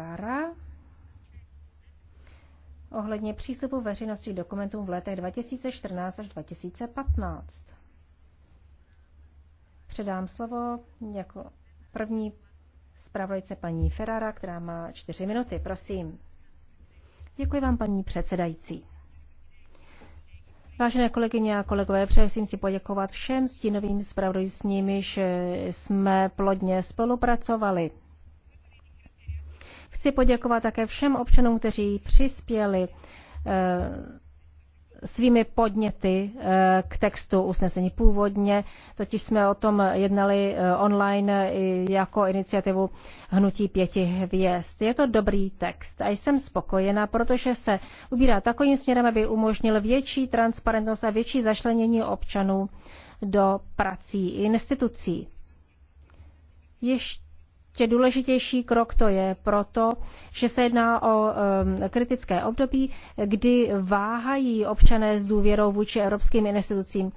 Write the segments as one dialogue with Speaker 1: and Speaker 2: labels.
Speaker 1: Klára ohledně přístupu veřejnosti k dokumentům v letech 2014 až 2015. Předám slovo jako první zpravodajce paní Ferrara, která má čtyři minuty. Prosím. Děkuji vám, paní předsedající. Vážené kolegyně a kolegové, přeji si poděkovat všem stínovým zpravodajům, s nimiž jsme plodně spolupracovali. Chci poděkovat také všem občanům, kteří přispěli eh, svými podněty eh, k textu usnesení. Původně totiž jsme o tom jednali eh, online jako iniciativu Hnutí pěti hvězd. Je to dobrý text a jsem spokojená, protože se ubírá takovým směrem, aby umožnil větší transparentnost a větší zašlenění občanů do prací institucí. Ještě ještě důležitější krok to je proto, že se jedná o kritické období, kdy váhají občané s důvěrou vůči evropským institucím.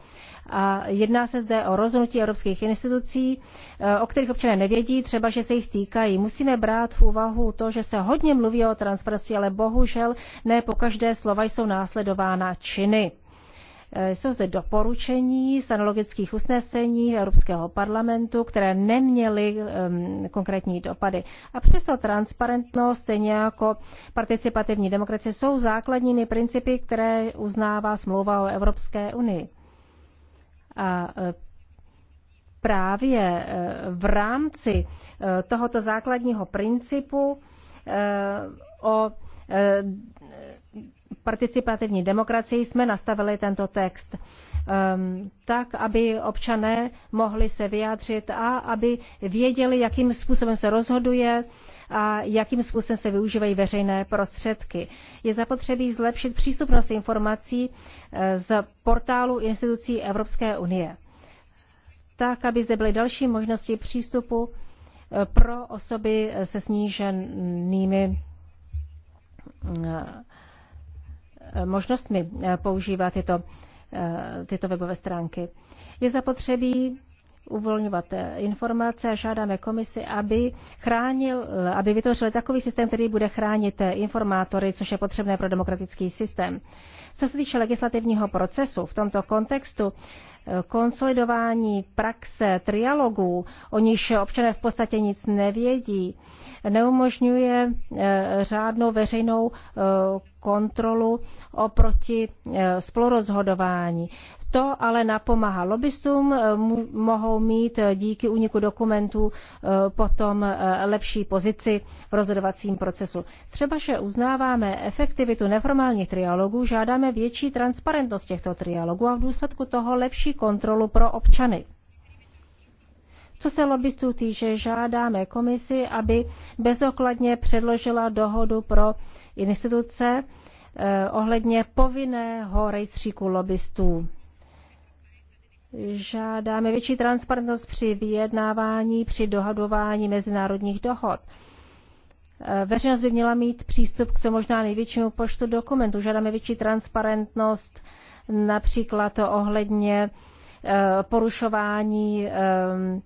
Speaker 1: A jedná se zde o rozhodnutí evropských institucí, e, o kterých občané nevědí, třeba že se jich týkají. Musíme brát v úvahu to, že se hodně mluví o transparenci, ale bohužel ne po každé slova jsou následována činy. Eh, jsou zde doporučení z analogických usnesení Evropského parlamentu, které neměly konkrétní dopady. A přesto transparentnost, stejně jako participativní demokracie, jsou základními principy, které uznává smlouva o Evropské unii. A eh, právě eh, v rámci tohoto základního principu o participativní demokracii jsme nastavili tento text ehm, tak, aby občané mohli se vyjádřit a aby věděli, jakým způsobem se rozhoduje a jakým způsobem se využívají veřejné prostředky. Je zapotřebí zlepšit přístupnost informací eh, z portálu institucí Evropské unie, tak, aby zde byly další možnosti přístupu eh, pro osoby se sníženými eh, možnostmi eh, používat tyto, eh, tyto webové stránky. Je zapotřebí uvolňovat eh, informace a žádáme komisi, aby chránil, aby vytvořil takový systém, který bude chránit informátory, což je potřebné pro demokratický systém. Co se týče legislativního procesu, v tomto kontextu konsolidování praxe trialogů, o níž občané v podstatě nic nevědí, neumožňuje eh, řádnou veřejnou eh, kontrolu oproti eh, spolurozhodování. To ale napomáhá lobbystům, mohou mít díky úniku dokumentů potom lepší pozici v rozhodovacím procesu. Třeba, že uznáváme efektivitu neformálních trialogů, žádáme větší transparentnost těchto trialogů a v důsledku toho lepší kontrolu pro občany. Co se lobbystů týče, žádáme komisi, aby bezokladně předložila dohodu pro instituce eh, ohledně povinného rejstříku lobbystů. Žádáme větší transparentnost při vyjednávání, při dohadování mezinárodních dohod. Eh, veřejnost by měla mít přístup k co možná největšímu počtu dokumentů. Žádáme větší transparentnost například ohledně eh, porušování eh,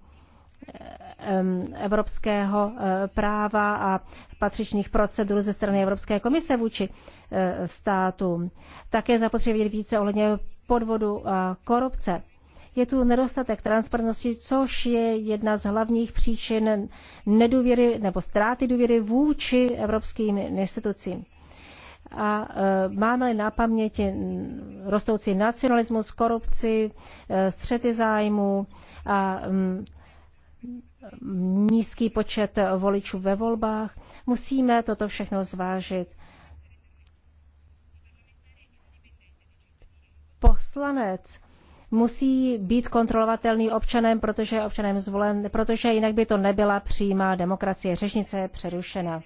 Speaker 1: evropského eh, práva a patřičných procedur ze strany Evropské komise vůči státům. Také zapotřebí více ohledně podvodu a korupce. Je tu nedostatek transparentnosti, což je jedna z hlavních příčin nedůvěry nebo ztráty důvěry vůči evropským institucím a e, máme na paměti rostoucí nacionalismus, korupci, e, střety zájmu a nízký počet voličů ve volbách, musíme toto všechno zvážit. Poslanec musí být kontrolovatelný občanem, protože je občanem zvolen, protože jinak by to nebyla přímá demokracie. Řešnice je přerušena.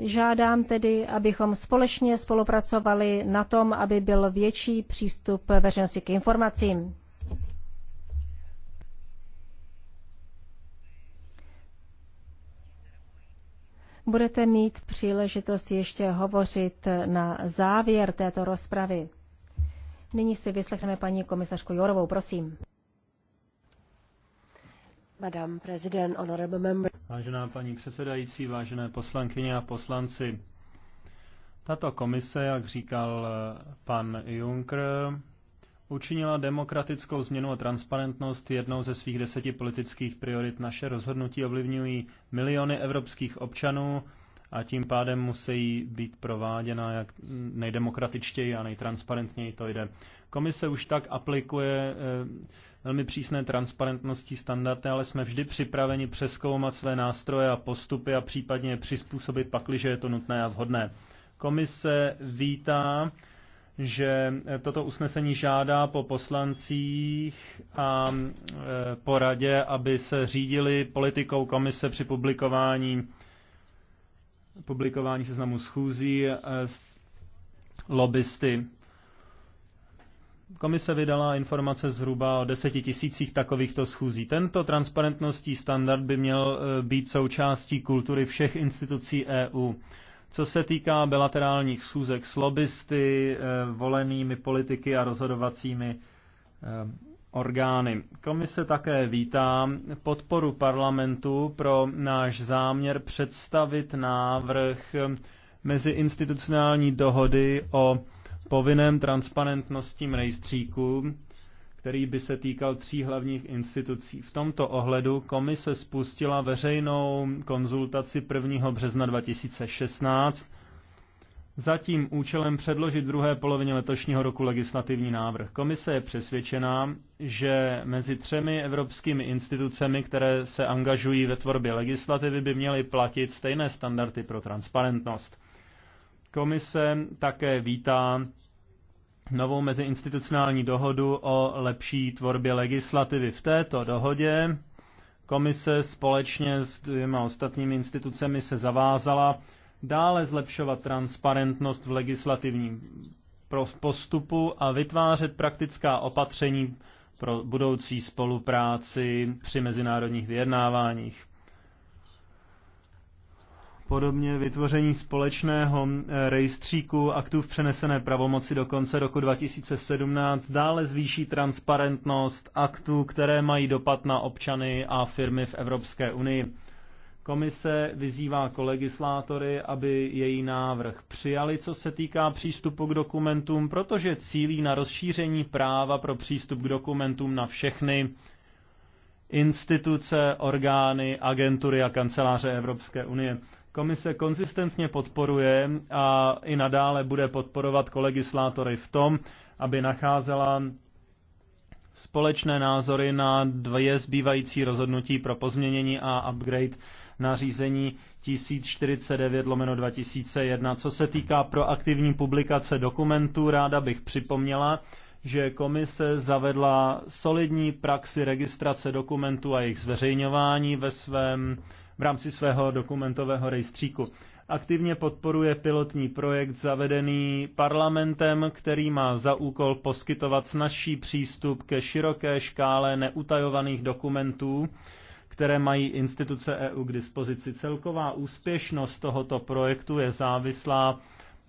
Speaker 1: Žádám tedy, abychom společně spolupracovali na tom, aby byl větší přístup veřejnosti k informacím. Budete mít příležitost ještě hovořit na závěr této rozpravy. Nyní si vyslechneme paní komisařku Jorovou, prosím. President, honorable member.
Speaker 2: Vážená paní předsedající, vážené poslankyně a poslanci, tato komise, jak říkal eh, pan Juncker, učinila demokratickou změnu a transparentnost jednou ze svých deseti politických priorit. Naše rozhodnutí ovlivňují miliony evropských občanů a tím pádem musí být prováděna jak nejdemokratičtěji a nejtransparentněji to jde. Komise už tak aplikuje eh, velmi přísné transparentnosti standardy, ale jsme vždy připraveni přeskoumat své nástroje a postupy a případně je přizpůsobit pakliže je to nutné a vhodné. Komise vítá, že eh, toto usnesení žádá po poslancích a eh, po radě, aby se řídili politikou komise při publikování publikování seznamu schůzí lobbysty Komise vydala informace zhruba o deseti tisících takovýchto schůzí. Tento transparentnostní standard by měl e, být součástí kultury všech institucí EU. Co se týká bilaterálních schůzek s lobbysty, e, volenými politiky a rozhodovacími e, orgány. Komise také vítá podporu parlamentu pro náš záměr představit návrh meziinstitucionální dohody o povinném transparentnostním rejstříku, který by se týkal tří hlavních institucí. V tomto ohledu komise spustila veřejnou konzultaci 1. března 2016 za tím účelem předložit druhé polovině letošního roku legislativní návrh. Komise je přesvědčená, že mezi třemi evropskými institucemi, které se angažují ve tvorbě legislativy, by měly platit stejné standardy pro transparentnost. Komise také vítá novou meziinstitucionální dohodu o lepší tvorbě legislativy. V této dohodě komise společně s dvěma ostatními institucemi se zavázala dále zlepšovat transparentnost v legislativním postupu a vytvářet praktická opatření pro budoucí spolupráci při mezinárodních vyjednáváních. Podobně vytvoření společného eh, rejstříku aktů v přenesené pravomoci do konce roku 2017 dále zvýší transparentnost aktů, které mají dopad na občany a firmy v Evropské unii. Komise vyzývá kolegislátory, aby její návrh přijali, co se týká přístupu k dokumentům, protože cílí na rozšíření práva pro přístup k dokumentům na všechny instituce, orgány, agentury a kanceláře Evropské unie. Komise konzistentně podporuje a i nadále bude podporovat kolegislátory v tom, aby nacházela společné názory na dvě zbývající rozhodnutí pro pozměnění a upgrade nařízení 1049 lomeno 2001. Co se týká proaktivní publikace dokumentů, ráda bych připomněla, že komise zavedla solidní praxi registrace dokumentů a jejich zveřejňování ve svém v rámci svého dokumentového rejstříku. Aktivně podporuje pilotní projekt zavedený parlamentem, který má za úkol poskytovat snažší přístup ke široké škále neutajovaných dokumentů, které mají instituce EU k dispozici. Celková úspěšnost tohoto projektu je závislá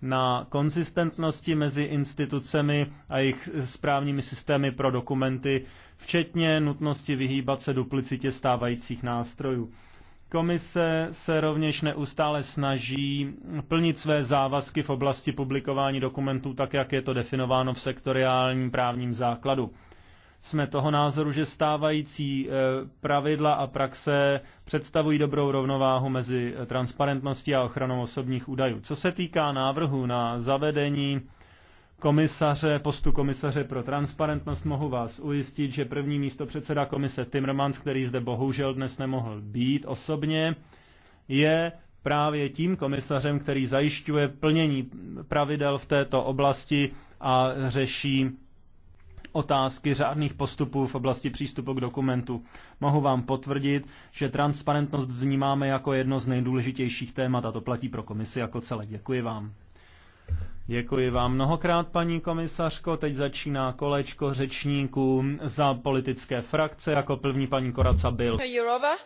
Speaker 2: na konzistentnosti mezi institucemi a jejich správními systémy pro dokumenty, včetně nutnosti vyhýbat se duplicitě stávajících nástrojů. Komise se rovněž neustále snaží plnit své závazky v oblasti publikování dokumentů tak, jak je to definováno v sektoriálním právním základu. Jsme toho názoru, že stávající eh, pravidla a praxe představují dobrou rovnováhu mezi eh, transparentností a ochranou osobních údajů. Co se týká návrhu na zavedení komisaře, postu komisaře pro transparentnost, mohu vás ujistit, že první místo předseda komise Timmermans, který zde bohužel dnes nemohl být osobně, je právě tím komisařem, který zajišťuje plnění pravidel v této oblasti a řeší otázky řádných postupů v oblasti přístupu k dokumentu. Mohu vám potvrdit, že transparentnost vnímáme jako jedno z nejdůležitějších témat a to platí pro komisi jako celé. Děkuji vám. Děkuji vám mnohokrát, paní komisařko. Teď začíná kolečko řečníků za politické frakce. Jako první paní Koraca byl. Jurova.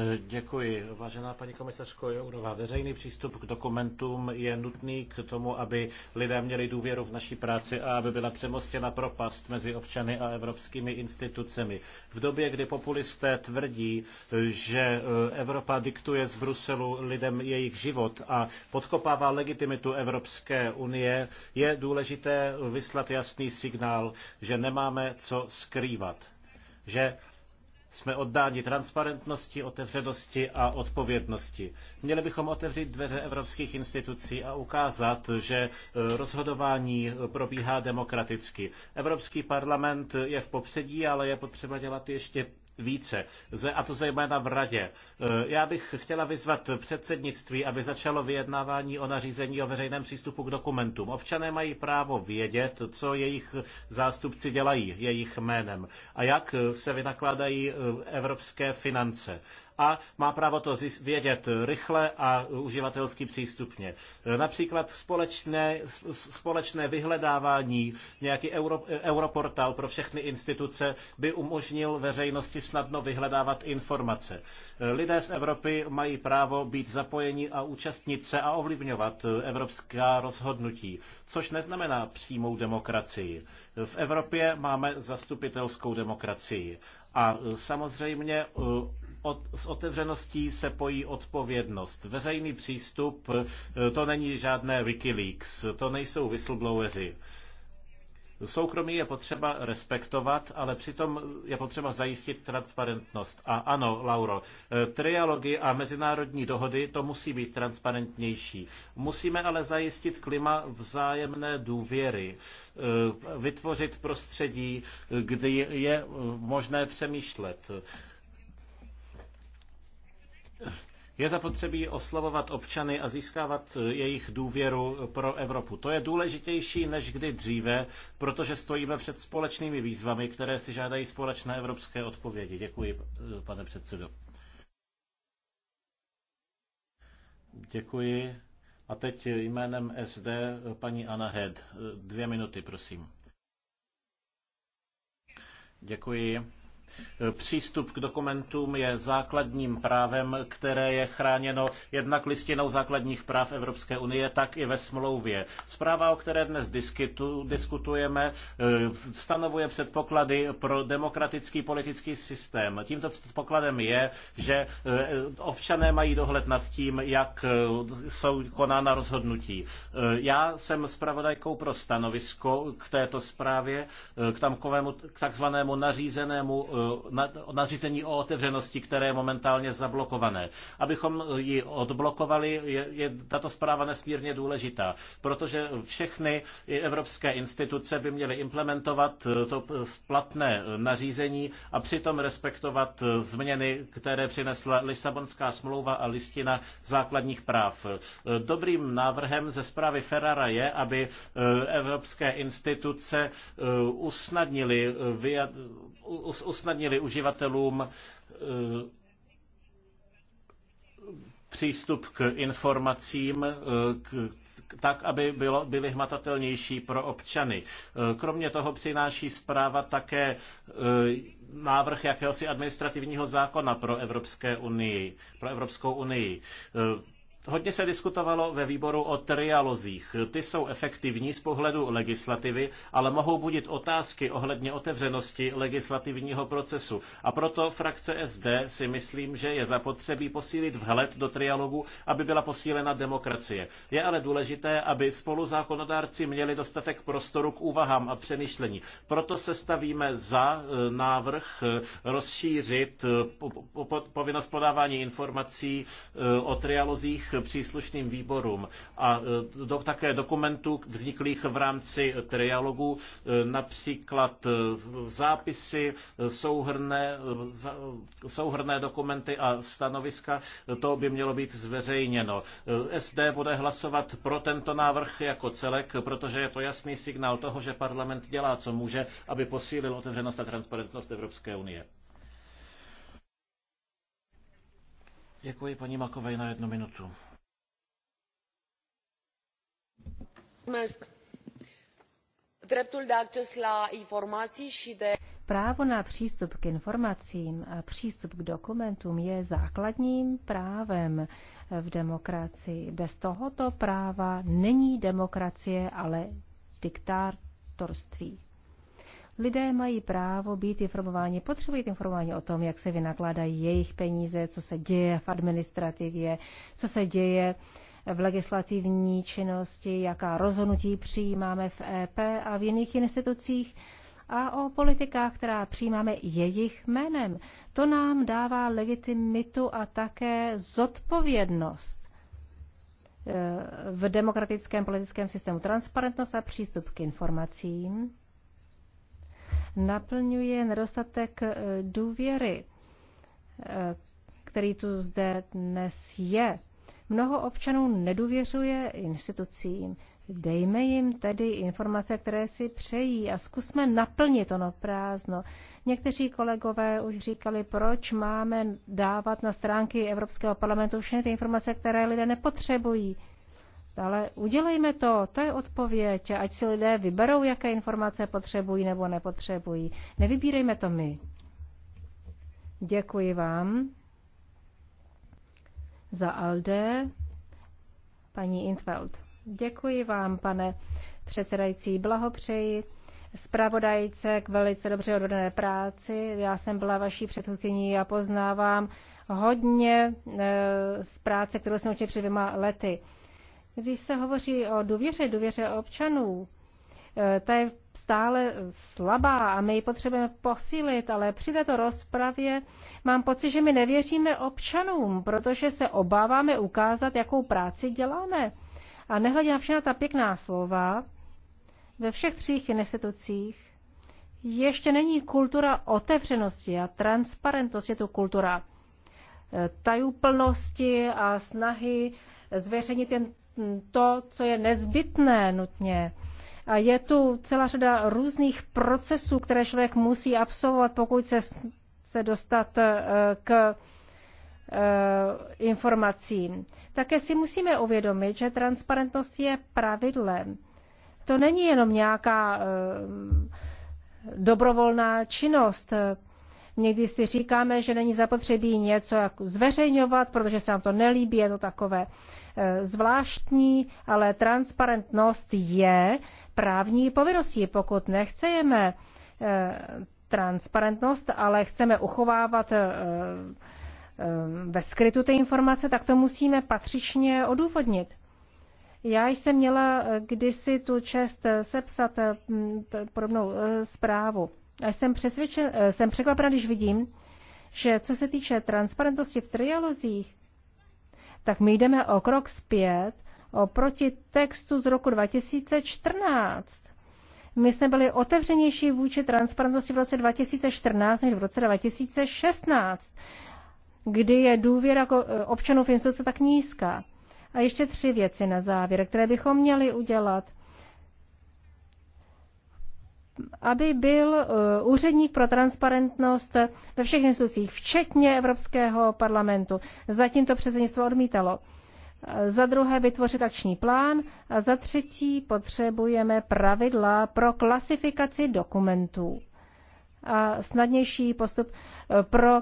Speaker 2: Eh, děkuji.
Speaker 3: Vážená paní komisařko Jourová, veřejný přístup k dokumentům je nutný k tomu, aby lidé měli důvěru v naší práci a aby byla přemostěna propast mezi občany a evropskými institucemi. V době, kdy populisté tvrdí, že eh, Evropa diktuje z Bruselu lidem jejich život a podkopává legitimitu Evropské unie, je důležité vyslat jasný signál, že nemáme co skrývat že jsme oddáni transparentnosti, otevřenosti a odpovědnosti. Měli bychom otevřít dveře evropských institucí a ukázat, že e, rozhodování probíhá demokraticky. Evropský parlament je v popředí, ale je potřeba dělat ještě více, a to zejména v radě. Eh, já bych chtěla vyzvat předsednictví, aby začalo vyjednávání o nařízení o veřejném přístupu k dokumentům. Občané mají právo vědět, co jejich zástupci dělají jejich jménem a jak se vynakládají eh, evropské finance a má právo to vědět rychle a uživatelsky přístupně. Například společné, společné vyhledávání, nějaký euro, europortál pro všechny instituce by umožnil veřejnosti snadno vyhledávat informace. Lidé z Evropy mají právo být zapojeni a účastnit se a ovlivňovat evropská rozhodnutí, což neznamená přímou demokracii. V Evropě máme zastupitelskou demokracii a e, samozřejmě e, od, s otevřeností se pojí odpovědnost. Veřejný přístup, e, to není žádné Wikileaks, to nejsou whistlebloweri. Soukromí je potřeba respektovat, ale přitom je potřeba zajistit transparentnost. A ano, Lauro, eh, trialogy a mezinárodní dohody, to musí být transparentnější. Musíme ale zajistit klima vzájemné důvěry, eh, vytvořit prostředí, kdy je eh, možné přemýšlet je zapotřebí oslovovat občany a získávat eh, jejich důvěru eh, pro Evropu. To je důležitější než kdy dříve, protože stojíme před společnými výzvami, které si žádají společné evropské odpovědi. Děkuji, eh, pane předsedo. Děkuji. A teď jménem SD paní Anna Head. Dvě minuty, prosím. Děkuji. Přístup k dokumentům je základním právem, které je chráněno jednak listinou základních práv Evropské unie, tak i ve smlouvě. Zpráva, o které dnes diskutujeme, eh, stanovuje předpoklady pro demokratický politický systém. Tímto předpokladem je, že eh, občané mají dohled nad tím, jak eh, jsou konána rozhodnutí. Já jsem zpravodajkou pro stanovisko k této zprávě, k, tamkovému, k takzvanému nařízenému Eh, nařízení o otevřenosti, které je momentálně zablokované. Abychom ji odblokovali, je, je tato zpráva nesmírně důležitá, protože všechny evropské instituce by měly implementovat eh, to splatné nařízení a přitom respektovat eh, změny, které přinesla Lisabonská smlouva a listina základních práv. Dobrým návrhem ze zprávy Ferrara je, aby evropské instituce usnadnili, usnadnili usnadnili uživatelům eh, přístup k informacím, eh, k, tak, aby bylo, byly hmatatelnější pro občany. Eh, kromě toho přináší zpráva také návrh jakéhosi administrativního zákona pro, Evropské unii, pro Evropskou unii. Hodně se diskutovalo ve výboru o trialozích. Ty jsou efektivní z pohledu legislativy, ale mohou budit otázky ohledně otevřenosti legislativního procesu. A proto frakce SD si myslím, že je zapotřebí posílit vhled do trialogu, aby byla posílena demokracie. Je ale důležité, aby spoluzákonodárci měli dostatek prostoru k úvahám a přemýšlení. Proto se stavíme za e, návrh e, rozšířit e, povinnost podávání informací o trialozích vzniklých příslušným výborům a e, do, také dokumentů vzniklých v rámci trialogu, e, například e, zápisy, souhrné, souhrné dokumenty a stanoviska, to by mělo být zveřejněno. SD bude hlasovat pro tento návrh jako celek, protože je to jasný signál toho, že parlament dělá, co může, aby posílil otevřenost a transparentnost Evropské unie. Děkuji paní Makovej na jednu minutu.
Speaker 4: Dreptul de acces la informații și de
Speaker 1: Právo na přístup k informacím a přístup k dokumentům je základním právem v demokracii. Bez tohoto práva není demokracie, ale diktátorství. Lidé mají právo být informováni, potřebují informování o tom, jak se vynakládají jejich peníze, co se děje v administrativě, co se děje v legislativní činnosti, jaká rozhodnutí přijímáme v EP a v jiných institucích a o politikách, která přijímáme jejich jménem. To nám dává legitimitu a také zodpovědnost eh, v demokratickém politickém systému transparentnost a přístup k informacím naplňuje nedostatek eh, důvěry, eh, který tu zde dnes je. Mnoho občanů nedůvěřuje institucím. Dejme jim tedy informace, které si přejí a zkusme naplnit ono prázdno. Někteří kolegové už říkali, proč máme dávat na stránky Evropského parlamentu všechny ty informace, které lidé nepotřebují. Ale udělejme to, to je odpověď, ať si lidé vyberou, jaké informace potřebují nebo nepotřebují. Nevybírejme to my. Děkuji vám za Alde, paní Intveld. Děkuji vám, pane předsedající, blahopřeji zpravodajce k velice dobře odvedené práci. Já jsem byla vaší předchůdkyní a poznávám hodně eh, z práce, kterou jsem učinila před dvěma lety. Když se hovoří o důvěře, důvěře občanů, eh, ta je stále slabá a my ji potřebujeme posílit, ale při této rozpravě mám pocit, že my nevěříme občanům, protože se obáváme ukázat, jakou práci děláme. A nehledě na všechna ta pěkná slova, ve všech třích institucích ještě není kultura otevřenosti a transparentnosti, je tu kultura eh, tajuplnosti a snahy zveřejnit jen to, co je nezbytné nutně. A je tu celá řada různých procesů, které člověk musí absolvovat, pokud se se dostat eh, k eh, informacím. Také si musíme uvědomit, že transparentnost je pravidlem. To není jenom nějaká eh, dobrovolná činnost. Někdy si říkáme, že není zapotřebí něco zveřejňovat, protože se nám to nelíbí, je to takové zvláštní, ale transparentnost je právní povinností. Pokud nechceme eh, transparentnost, ale chceme uchovávat eh, eh, ve skrytu ty informace, tak to musíme patřičně odůvodnit. Já jsem měla kdysi tu čest sepsat podobnou zprávu. A jsem, přesvědčen, jsem překvapena, když vidím, že co se týče transparentnosti v trialozích, tak my jdeme o krok zpět oproti textu z roku 2014. My jsme byli otevřenější vůči transparentnosti v roce 2014 než v roce 2016, kdy je důvěra občanů v instituce tak nízká. A ještě tři věci na závěr, které bychom měli udělat – aby byl eh, úředník pro transparentnost ve všech institucích, včetně Evropského parlamentu. Zatím to předsednictvo odmítalo. Eh, za druhé vytvořit akční plán a za třetí potřebujeme pravidla pro klasifikaci dokumentů a snadnější postup eh, pro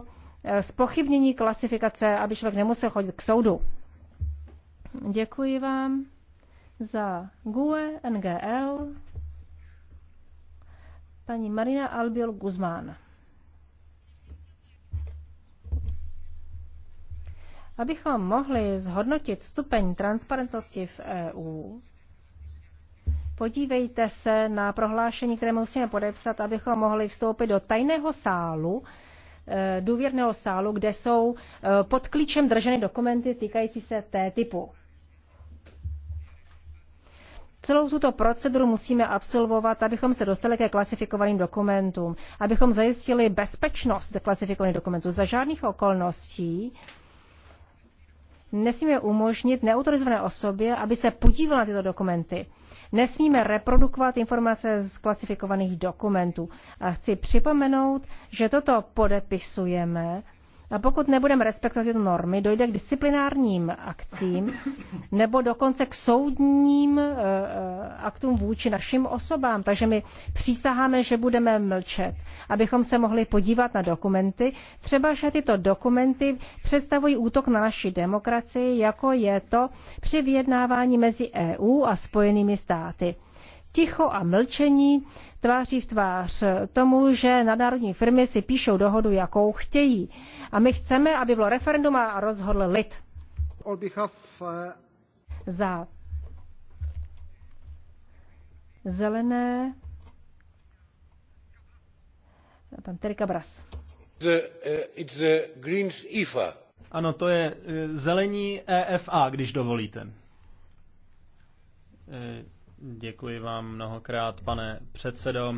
Speaker 1: spochybnění klasifikace, aby člověk nemusel chodit k soudu. Děkuji vám za GUE NGL. Paní Marina Albiol Guzmán. Abychom mohli zhodnotit stupeň transparentnosti v EU, podívejte se na prohlášení, které musíme podepsat, abychom mohli vstoupit do tajného sálu, e, důvěrného sálu, kde jsou e, pod klíčem drženy dokumenty týkající se té typu. Celou tuto proceduru musíme absolvovat, abychom se dostali ke klasifikovaným dokumentům, abychom zajistili bezpečnost klasifikovaných dokumentů. Za žádných okolností nesmíme umožnit neautorizované osobě, aby se podívala na tyto dokumenty. Nesmíme reprodukovat informace z klasifikovaných dokumentů. A chci připomenout, že toto podepisujeme a pokud nebudeme respektovat tyto normy, dojde k disciplinárním akcím nebo dokonce k soudním e, e, aktům vůči našim osobám. Takže my přísaháme, že budeme mlčet, abychom se mohli podívat na dokumenty. Třeba, že tyto dokumenty představují útok na naši demokracii, jako je to při vyjednávání mezi EU a Spojenými státy ticho a mlčení tváří v tvář tomu, že nadnárodní firmy si píšou dohodu, jakou chtějí. A my chceme, aby bylo referendum a rozhodl lid.
Speaker 3: Eh,
Speaker 1: Za zelené pan
Speaker 3: Terika Bras. It's eh, Greens IFA. E
Speaker 2: ano, to je eh, zelení EFA, když dovolíte. Děkuji vám mnohokrát, pane předsedo.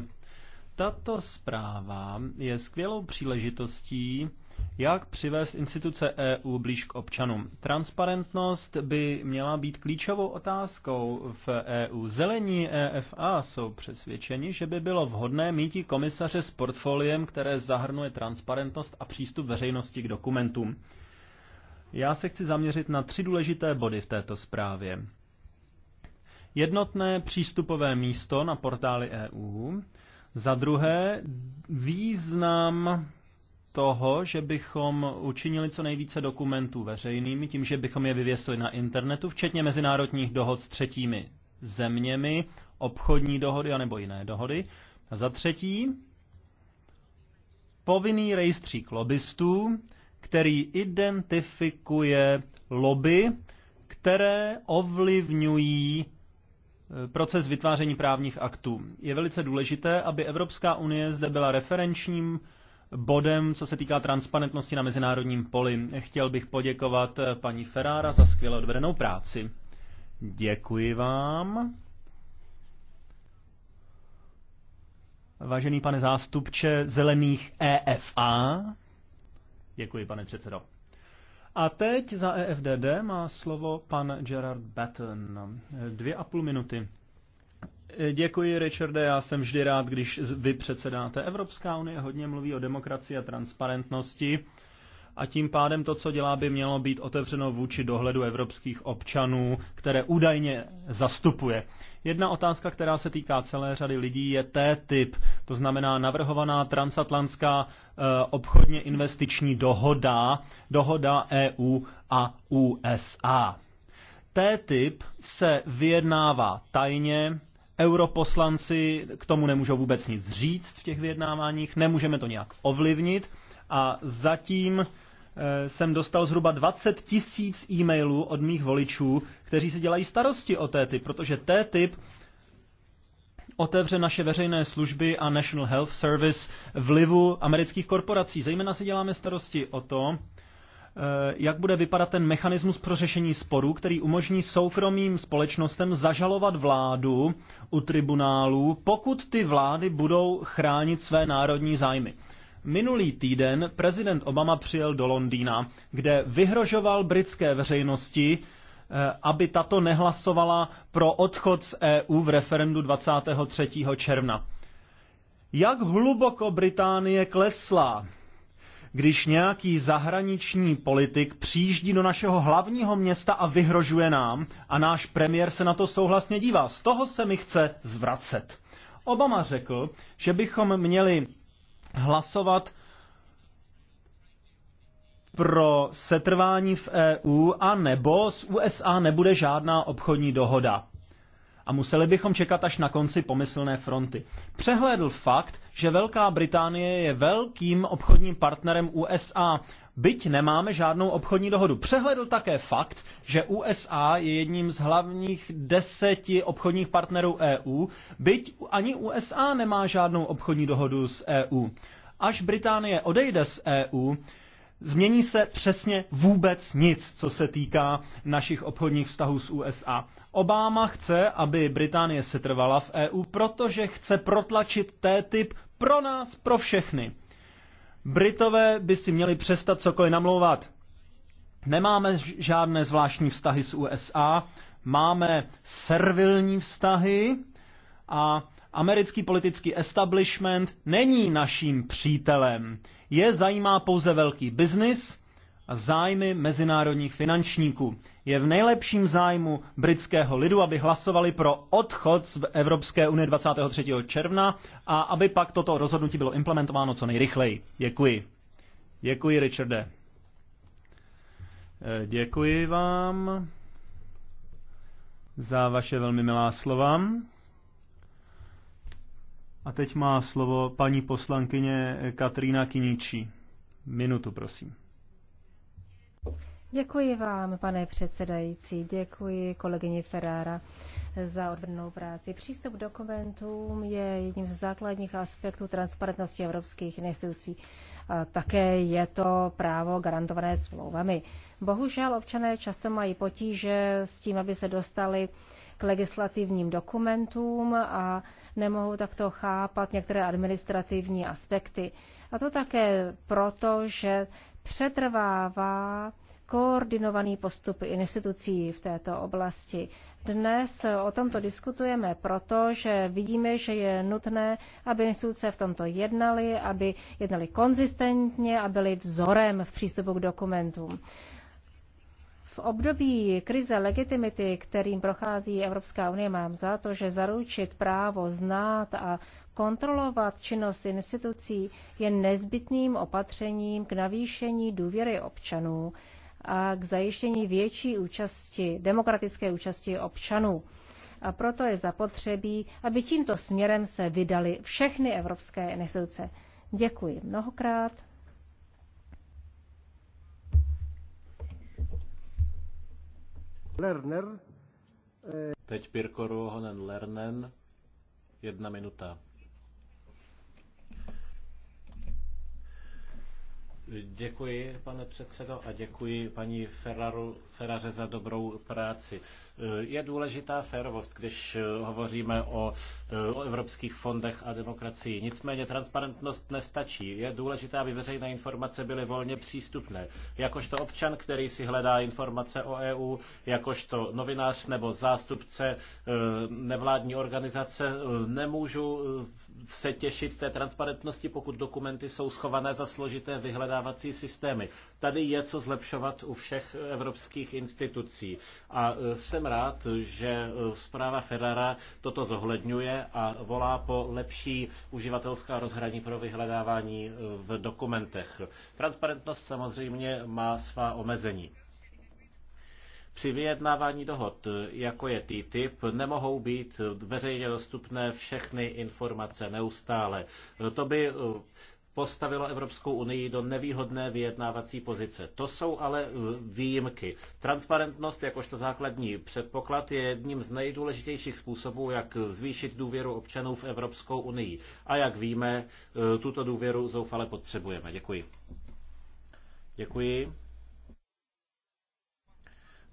Speaker 2: Tato zpráva je skvělou příležitostí, jak přivést instituce EU blíž k občanům? Transparentnost by měla být klíčovou otázkou v EU. Zelení EFA jsou přesvědčeni, že by bylo vhodné mít komisaře s portfoliem, které zahrnuje transparentnost a přístup veřejnosti k dokumentům. Já se chci zaměřit na tři důležité body v této zprávě jednotné přístupové místo na portály EU, za druhé význam toho, že bychom učinili co nejvíce dokumentů veřejnými, tím, že bychom je vyvěsili na internetu, včetně mezinárodních dohod s třetími zeměmi, obchodní dohody anebo jiné dohody. A za třetí, povinný rejstřík lobbystů, který identifikuje lobby, které ovlivňují Eh, proces vytváření právních aktů. Je velice důležité, aby Evropská unie zde byla referenčním bodem, co se týká transparentnosti na mezinárodním poli. Chtěl bych poděkovat eh, paní Ferrara za skvěle odvedenou práci. Děkuji vám. Vážený pane zástupče zelených EFA. Děkuji, pane předsedo. A teď za EFDD má slovo pan Gerard Batten. Dvě a půl minuty. Děkuji, Richarde. Já jsem vždy rád, když vy předsedáte. Evropská unie hodně mluví o demokracii a transparentnosti a tím pádem to, co dělá, by mělo být otevřeno vůči dohledu evropských občanů, které údajně zastupuje. Jedna otázka, která se týká celé řady lidí, je T-typ, to znamená navrhovaná transatlantská eh, obchodně investiční dohoda, dohoda EU a USA. T-typ se vyjednává tajně, europoslanci k tomu nemůžou vůbec nic říct v těch vyjednáváních, nemůžeme to nějak ovlivnit a zatím Eh, jsem dostal zhruba 20 tisíc e-mailů od mých voličů, kteří si dělají starosti o typ, protože typ otevře naše veřejné služby a National Health Service vlivu amerických korporací. Zejména si děláme starosti o to, eh, jak bude vypadat ten mechanismus pro řešení sporů, který umožní soukromým společnostem zažalovat vládu u tribunálů, pokud ty vlády budou chránit své národní zájmy. Minulý týden prezident Obama přijel do Londýna, kde vyhrožoval britské veřejnosti, eh, aby tato nehlasovala pro odchod z EU v referendu 23. června. Jak hluboko Británie klesla, když nějaký zahraniční politik přijíždí do našeho hlavního města a vyhrožuje nám a náš premiér se na to souhlasně dívá. Z toho se mi chce zvracet. Obama řekl, že bychom měli hlasovat pro setrvání v EU a nebo s USA nebude žádná obchodní dohoda. A museli bychom čekat až na konci pomyslné fronty. Přehlédl fakt, že Velká Británie je velkým obchodním partnerem USA byť nemáme žádnou obchodní dohodu. Přehledl také fakt, že USA je jedním z hlavních deseti obchodních partnerů EU, byť ani USA nemá žádnou obchodní dohodu s EU. Až Británie odejde z EU, změní se přesně vůbec nic, co se týká našich obchodních vztahů s USA. Obama chce, aby Británie setrvala v EU, protože chce protlačit té typ pro nás, pro všechny. Britové by si měli přestat cokoliv namlouvat. Nemáme žádné zvláštní vztahy s USA, máme servilní vztahy a americký politický establishment není naším přítelem. Je zajímá pouze velký biznis a zájmy mezinárodních finančníků. Je v nejlepším zájmu britského lidu, aby hlasovali pro odchod z Evropské unie 23. června a aby pak toto rozhodnutí bylo implementováno co nejrychleji. Děkuji. Děkuji, Richarde. Eh, děkuji vám za vaše velmi milá slova. A teď má slovo paní poslankyně Katrína Kiníčí. Minutu, prosím.
Speaker 1: Děkuji vám, pane předsedající, děkuji kolegyni Ferrara za odvednou práci. Přístup k dokumentům je jedním z základních aspektů transparentnosti evropských institucí. A také je to právo garantované smlouvami. Bohužel občané často mají potíže s tím, aby se dostali k legislativním dokumentům a nemohou takto chápat některé administrativní aspekty. A to také proto, že přetrvává koordinovaný postup institucí v této oblasti. Dnes o tomto diskutujeme proto, že vidíme, že je nutné, aby instituce v tomto jednali, aby jednali konzistentně a byli vzorem v přístupu k dokumentům. V období krize legitimity, kterým prochází Evropská unie, mám za to, že zaručit právo znát a kontrolovat činnost institucí je nezbytným opatřením k navýšení důvěry občanů a k zajištění větší účasti, demokratické účasti občanů. A proto je zapotřebí, aby tímto směrem se vydali všechny evropské instituce. Děkuji mnohokrát.
Speaker 3: Lerner. Eh, Teď Pirko Ruohonen Lernen. Jedna minuta. Děkuji, pane předsedo, a děkuji paní Ferraru, Ferraře za dobrou práci. Je důležitá férovost, když hovoříme o, o evropských fondech a demokracii. Nicméně transparentnost nestačí. Je důležité, aby veřejné informace byly volně přístupné. Jakožto občan, který si hledá informace o EU, jakožto novinář nebo zástupce e, nevládní organizace, e, nemůžu e, se těšit té transparentnosti, pokud dokumenty jsou schované za složité vyhledání vyhledávací systémy. Tady je co zlepšovat u všech evropských institucí. A e, jsem rád, že e, zpráva Ferrara toto zohledňuje a volá po lepší uživatelská rozhraní pro vyhledávání e, v dokumentech. Transparentnost samozřejmě má svá omezení při vyjednávání dohod, jako je TTIP, nemohou být veřejně dostupné všechny informace neustále. To by postavilo Evropskou unii do nevýhodné vyjednávací pozice. To jsou ale uh, výjimky. Transparentnost jakožto základní předpoklad je jedním z nejdůležitějších způsobů, jak zvýšit důvěru občanů v Evropskou unii. A jak víme, uh, tuto důvěru zoufale potřebujeme. Děkuji. Děkuji.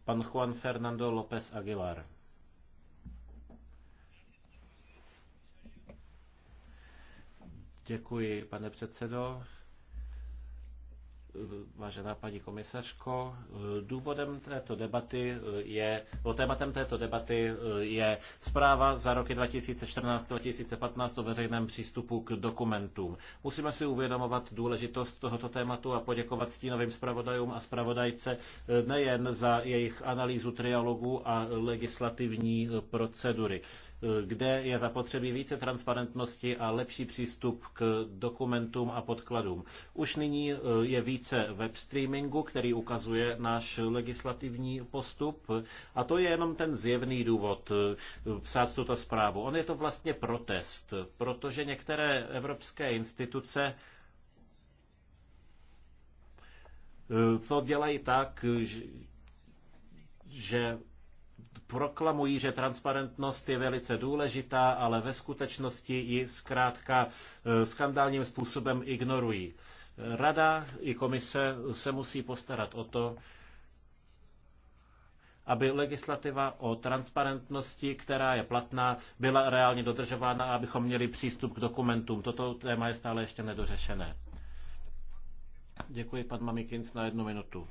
Speaker 3: Pan Juan Fernando López Aguilar. Děkuji, pane předsedo. Vážená paní komisařko, důvodem této debaty je, o tématem této debaty je zpráva za roky 2014-2015 o veřejném přístupu k dokumentům. Musíme si uvědomovat důležitost tohoto tématu a poděkovat stínovým zpravodajům a zpravodajce nejen za jejich analýzu trialogu a legislativní procedury kde je zapotřebí více transparentnosti a lepší přístup k dokumentům a podkladům. Už nyní eh, je více web streamingu, který ukazuje náš legislativní postup a to je jenom ten zjevný důvod eh, psát tuto zprávu. On je to vlastně protest, protože některé evropské instituce eh, co dělají tak, že proklamují, že transparentnost je velice důležitá, ale ve skutečnosti ji zkrátka eh, skandálním způsobem ignorují. Rada i komise se musí postarat o to, aby legislativa o transparentnosti, která je platná, byla reálně dodržována a abychom měli přístup k dokumentům. Toto téma je stále ještě nedořešené. Děkuji, pan Mamikins, na jednu minutu.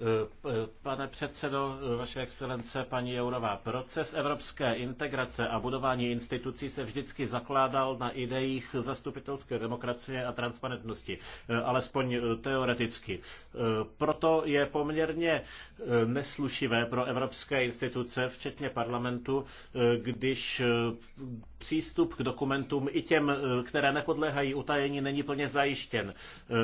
Speaker 3: Eh, eh, pane předsedo, eh, vaše excelence, paní Jourová, proces evropské integrace a budování institucí se vždycky zakládal na idejích zastupitelské demokracie a transparentnosti, alespoň teoreticky. Proto je poměrně neslušivé pro evropské instituce, včetně parlamentu, když přístup k dokumentům i těm, které nepodléhají utajení, není plně zajištěn.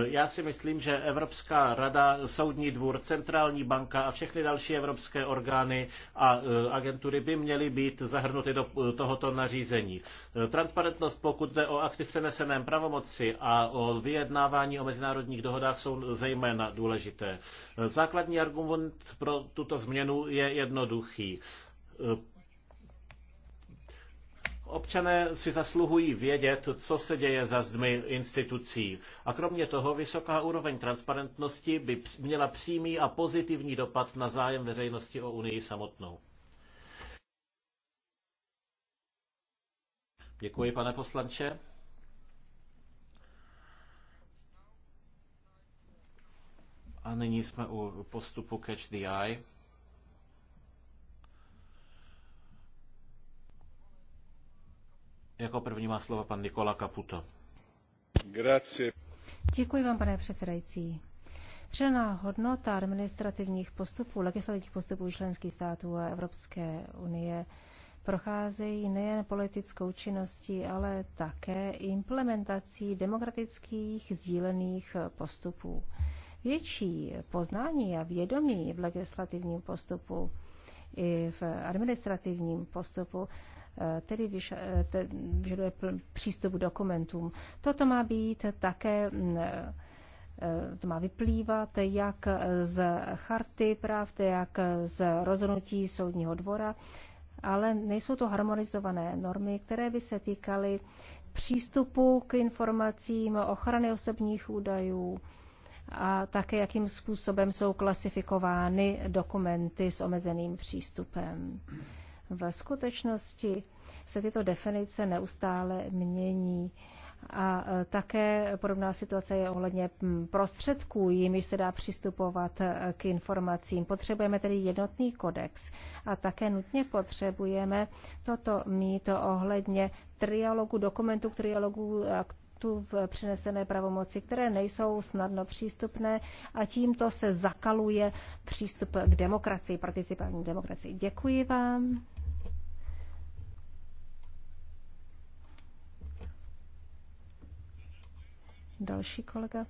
Speaker 3: Já si myslím, že Evropská rada, Soudní dvůr, centrální banka a všechny další evropské orgány a e, agentury by měly být zahrnuty do e, tohoto nařízení. E, transparentnost, pokud jde o v přeneseném pravomoci a o vyjednávání o mezinárodních dohodách, jsou zejména důležité. Základní argument pro tuto změnu je jednoduchý Občané si zasluhují vědět, co se děje za zdmi institucí. A kromě toho vysoká úroveň transparentnosti by měla přímý a pozitivní dopad na zájem veřejnosti o Unii samotnou. Děkuji, pane poslanče. A nyní jsme u postupu Catch the Eye. Jako první má slovo pan Nikola Caputo. Grazie.
Speaker 1: Děkuji vám, pane předsedající. Přidaná hodnota administrativních postupů, legislativních postupů členských států a Evropské unie procházejí nejen politickou činností, ale také implementací demokratických sdílených postupů. Větší poznání a vědomí v legislativním postupu i v administrativním postupu Eh, tedy eh, vyžaduje přístup k dokumentům. Toto má být také mm, eh, to má vyplývat jak z charty práv, jak z rozhodnutí soudního dvora, ale nejsou to harmonizované normy, které by se týkaly přístupu k informacím, ochrany osobních údajů a také jakým způsobem jsou klasifikovány dokumenty s omezeným přístupem. Ve skutečnosti se tyto definice neustále mění. A e, také podobná situace je ohledně prostředků, jimiž se dá přistupovat e, k informacím. Potřebujeme tedy jednotný kodex a také nutně potřebujeme toto mít ohledně trialogu, dokumentů k trialogu aktu e, v přinesené pravomoci, které nejsou snadno přístupné a tímto se zakaluje přístup k demokracii, participativní demokracii. Děkuji vám. Další kolega.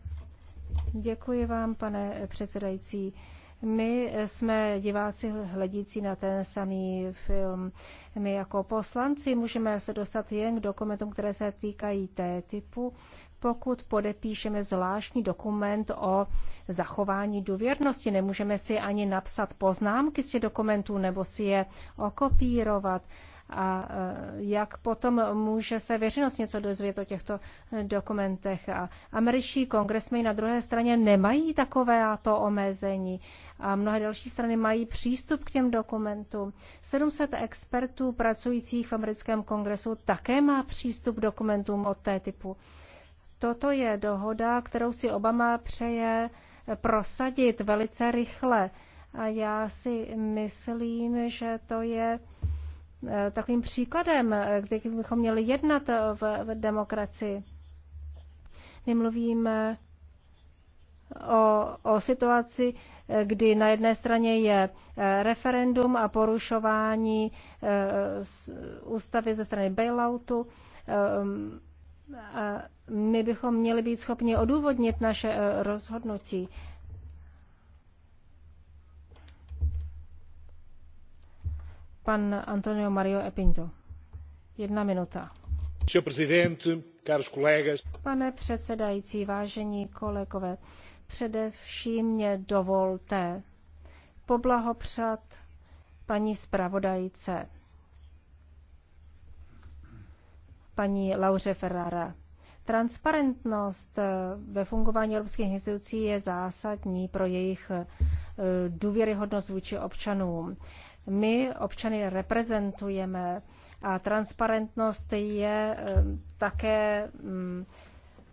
Speaker 1: Děkuji vám, pane předsedající. My jsme diváci hledící na ten samý film. My jako poslanci můžeme se dostat jen k dokumentům, které se týkají té typu, pokud podepíšeme zvláštní dokument o zachování důvěrnosti. Nemůžeme si ani napsat poznámky z těch dokumentů nebo si je okopírovat a e, jak potom může se veřejnost něco dozvědět o těchto e, dokumentech. A američtí kongresmeni na druhé straně nemají takové a to omezení a mnohé další strany mají přístup k těm dokumentům. 700 expertů pracujících v americkém kongresu také má přístup k dokumentům od té typu. Toto je dohoda, kterou si Obama přeje prosadit velice rychle. A já si myslím, že to je Eh, takovým příkladem, eh, kde bychom měli jednat eh, v, v demokracii. My mluvíme o, o situaci, kdy na jedné straně je referendum a porušování ústavy ze strany bailoutu. A my bychom měli být schopni odůvodnit naše rozhodnutí. Pan Antonio Mario Epinto. Jedna minuta. Pane předsedající, vážení kolegové, především mě dovolte poblahopřát paní zpravodajce, paní Lauře Ferrara. Transparentnost eh, ve fungování evropských institucí je zásadní pro jejich eh, důvěryhodnost vůči občanům. My občany reprezentujeme a transparentnost je také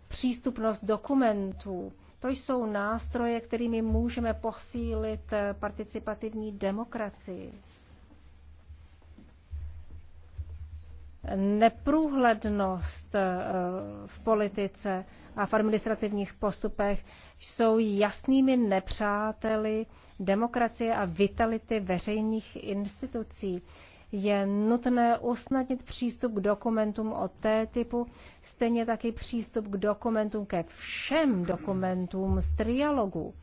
Speaker 1: přístupnost dokumentů. To jsou nástroje, kterými můžeme posílit eh, participativní demokracii. Neprůhlednost eh, v politice a v administrativních postupech jsou jasnými nepřáteli demokracie a vitality veřejných institucí. Je nutné usnadnit přístup k dokumentům o té typu, stejně taky přístup k dokumentům, ke všem dokumentům z trialogu.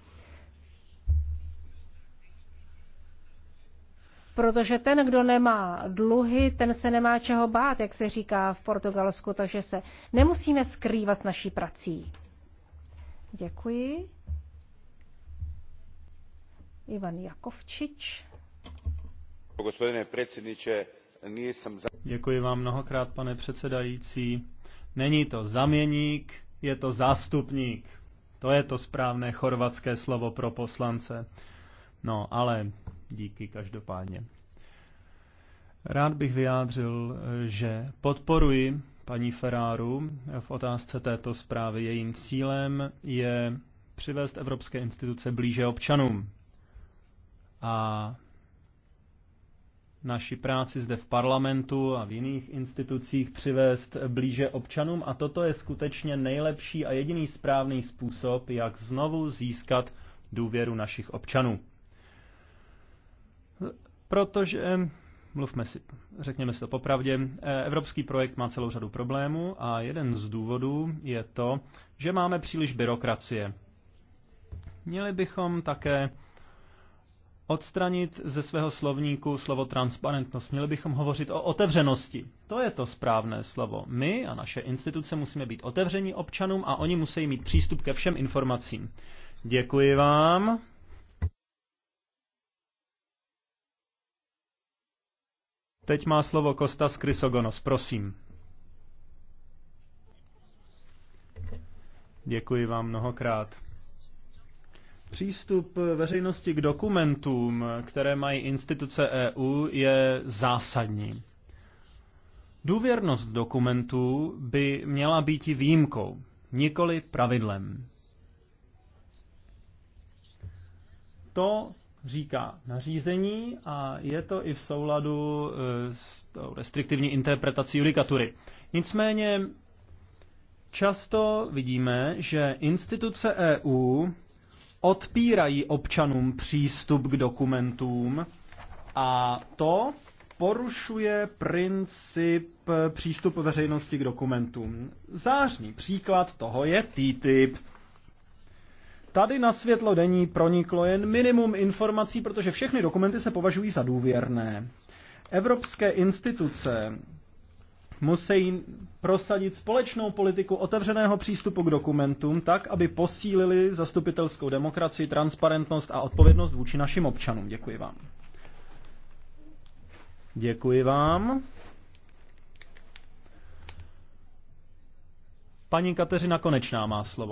Speaker 1: protože ten, kdo nemá dluhy, ten se nemá čeho bát, jak se říká v Portugalsku, takže se nemusíme skrývat s naší prací. Děkuji. Ivan Jakovčič.
Speaker 2: Děkuji vám mnohokrát, pane předsedající. Není to zaměník, je to zástupník. To je to správné chorvatské slovo pro poslance. No, ale díky každopádně. Rád bych vyjádřil, že podporuji paní Ferraru v otázce této zprávy. Jejím cílem je přivést evropské instituce blíže občanům. A naši práci zde v parlamentu a v jiných institucích přivést blíže občanům a toto je skutečně nejlepší a jediný správný způsob, jak znovu získat důvěru našich občanů. Protože, mluvme si, řekněme si to popravdě, eh, evropský projekt má celou řadu problémů a jeden z důvodů je to, že máme příliš byrokracie. Měli bychom také odstranit ze svého slovníku slovo transparentnost. Měli bychom hovořit o otevřenosti. To je to správné slovo. My a naše instituce musíme být otevření občanům a oni musí mít přístup ke všem informacím. Děkuji vám. Teď má slovo Kostas Krysogonos, prosím. Děkuji vám mnohokrát. Přístup veřejnosti k dokumentům, které mají instituce EU, je zásadní. Důvěrnost dokumentů by měla být i výjimkou, nikoli pravidlem. To říká nařízení a je to i v souladu e, s tou restriktivní interpretací judikatury. Nicméně často vidíme, že instituce EU odpírají občanům přístup k dokumentům a to porušuje princip přístupu veřejnosti k dokumentům. Zářný příklad toho je TTIP, Tady na světlo denní proniklo jen minimum informací, protože všechny dokumenty se považují za důvěrné. Evropské instituce musí prosadit společnou politiku otevřeného přístupu k dokumentům tak, aby posílili zastupitelskou demokracii, transparentnost a odpovědnost vůči našim občanům. Děkuji vám. Děkuji vám. Paní Kateřina Konečná má slovo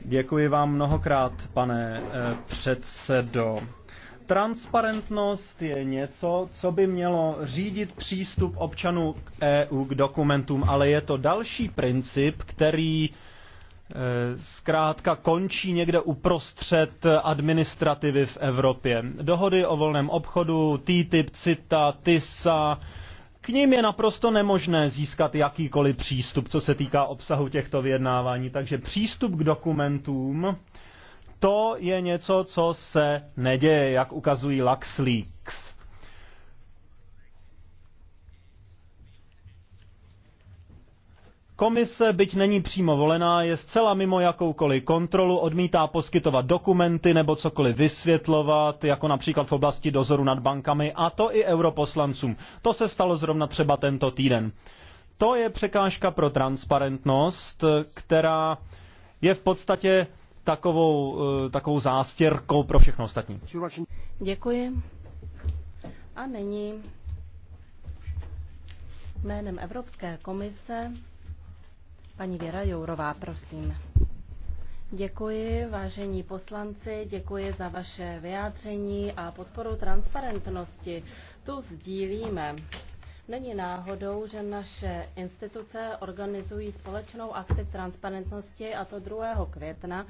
Speaker 2: Děkuji vám mnohokrát, pane eh, předsedo. Transparentnost je něco, co by mělo řídit přístup občanů k EU k dokumentům, ale je to další princip, který eh, zkrátka končí někde uprostřed administrativy v Evropě. Dohody o volném obchodu, TTIP, CITA, TISA, k ním je naprosto nemožné získat jakýkoliv přístup, co se týká obsahu těchto vyjednávání. Takže přístup k dokumentům, to je něco, co se neděje, jak ukazují LuxLeaks. Komise, byť není přímo volená, je zcela mimo jakoukoliv kontrolu, odmítá poskytovat dokumenty nebo cokoliv vysvětlovat, jako například v oblasti dozoru nad bankami, a to i europoslancům. To se stalo zrovna třeba tento týden. To je překážka pro transparentnost, která je v podstatě takovou, eh, takovou zástěrkou pro všechno ostatní.
Speaker 5: Děkuji. A nyní jménem Evropské komise Paní Věra Jourová, prosím. Děkuji, vážení poslanci, děkuji za vaše vyjádření a podporu transparentnosti. Tu sdílíme. Není náhodou, že naše instituce organizují společnou akci transparentnosti a to 2. května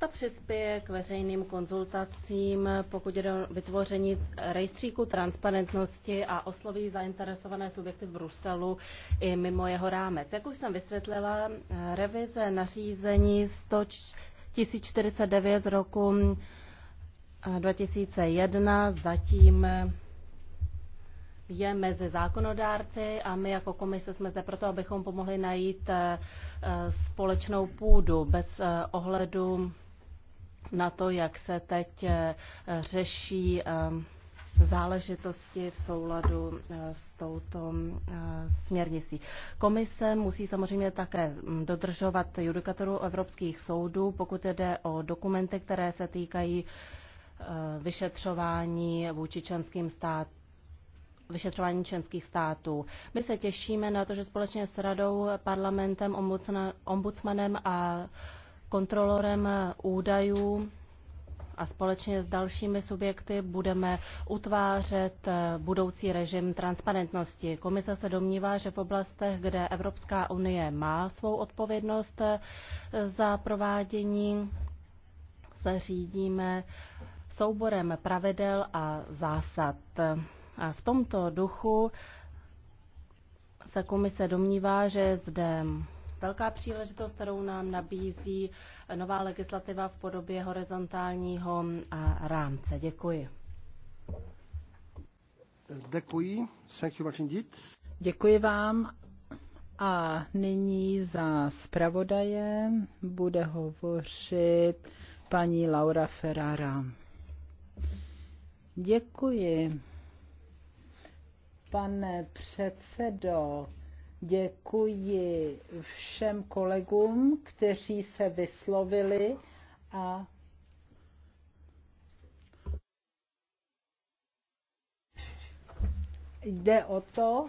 Speaker 5: ta přispěje k veřejným konzultacím, pokud je do vytvoření rejstříku transparentnosti a osloví zainteresované subjekty v Bruselu i mimo jeho rámec. Jak už jsem vysvětlila, revize nařízení 100 1049 z roku 2001 eh, zatím eh, je mezi zákonodárci a my jako komise jsme zde proto, abychom pomohli najít eh, společnou půdu bez ohledu na to, jak se teď eh, řeší ehm, záležitosti v souladu eh, s touto eh, směrnicí. Komise musí samozřejmě také mm, dodržovat judikaturu evropských soudů, pokud jde o dokumenty, které se týkají vyšetřování vůči členským státům vyšetřování členských států. My se těšíme na to, že společně s radou, parlamentem, ombudsmanem a kontrolorem údajů a společně s dalšími subjekty budeme utvářet budoucí režim transparentnosti. Komise se domnívá, že v oblastech, kde Evropská unie má svou odpovědnost za provádění, se řídíme souborem pravidel a zásad. A v tomto duchu se komise domnívá, že zde velká příležitost, kterou nám nabízí nová legislativa v podobě horizontálního rámce. Děkuji.
Speaker 2: Děkuji. Thank you much indeed.
Speaker 6: Děkuji vám. A nyní za zpravodaje bude hovořit paní Laura Ferrara. Děkuji. Pane předsedo, Děkuji všem kolegům, kteří se vyslovili a jde o to,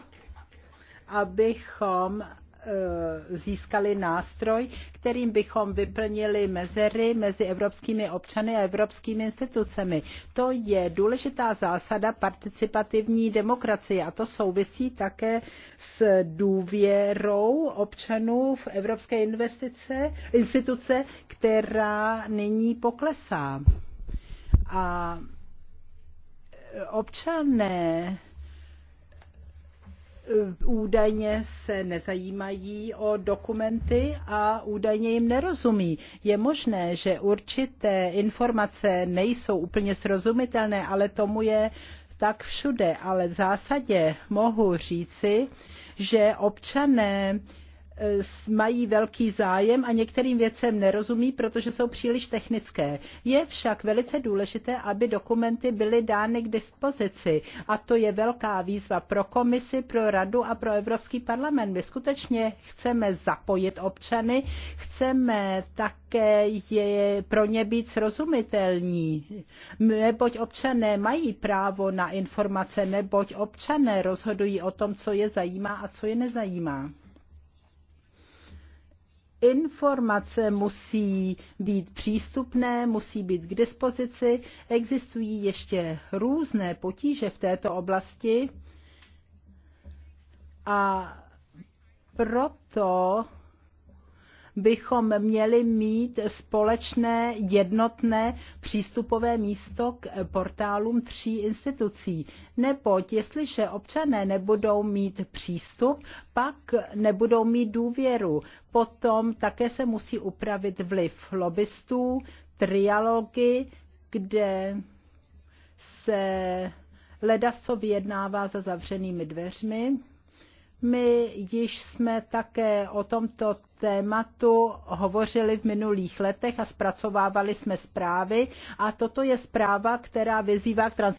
Speaker 6: abychom Eh, získali nástroj, kterým bychom vyplnili mezery mezi evropskými občany a evropskými institucemi. To je důležitá zásada participativní demokracie a to souvisí také s důvěrou občanů v evropské investice, instituce, která nyní poklesá. A občané údajně se nezajímají o dokumenty a údajně jim nerozumí. Je možné, že určité informace nejsou úplně srozumitelné, ale tomu je tak všude. Ale v zásadě mohu říci, že občané mají velký zájem a některým věcem nerozumí, protože jsou příliš technické. Je však velice důležité, aby dokumenty byly dány k dispozici a to je velká výzva pro komisi, pro radu a pro Evropský parlament. My skutečně chceme zapojit občany, chceme také je pro ně být srozumitelní, neboť občané mají právo na informace, neboť občané rozhodují o tom, co je zajímá a co je nezajímá informace musí být přístupné, musí být k dispozici. Existují ještě různé potíže v této oblasti a proto bychom měli mít společné jednotné přístupové místo k portálům tří institucí. Neboť jestliže občané nebudou mít přístup, pak nebudou mít důvěru. Potom také se musí upravit vliv lobbystů, trialogy, kde se leda co vyjednává za zavřenými dveřmi. My již jsme také o tomto tématu hovořili v minulých letech a zpracovávali jsme zprávy a toto je zpráva, která vyzývá k trans